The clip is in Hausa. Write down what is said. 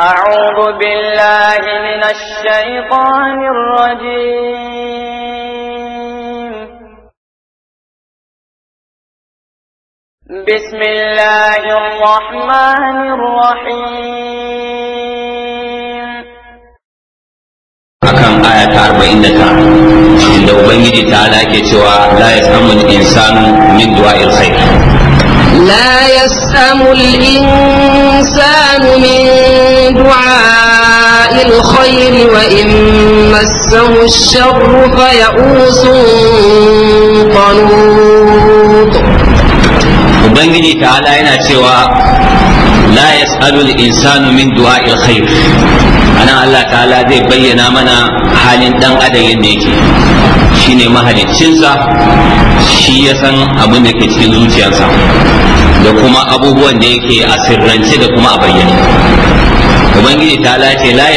أعوذ بالله من الشيطان الرجيم بسم الله الرحمن الرحيم أكم آية 49 إن أبنجي تعالى كتوى لا يسأم الإنسان من دعاء الخير لا يسأم الإنسان بدعاء الخير وإن مسه الشر فيئوس قنوط Ubangiji ta'ala yana cewa la yas'alul insanu min du'a'il khair anan Allah ta'ala zai bayyana mana halin dan adam yadda yake shine mahaliccinsa shi ya san abin da ke cikin zuciyarsa da kuma abubuwan da yake a sirrance da kuma a bayyane ubangiji ta lace la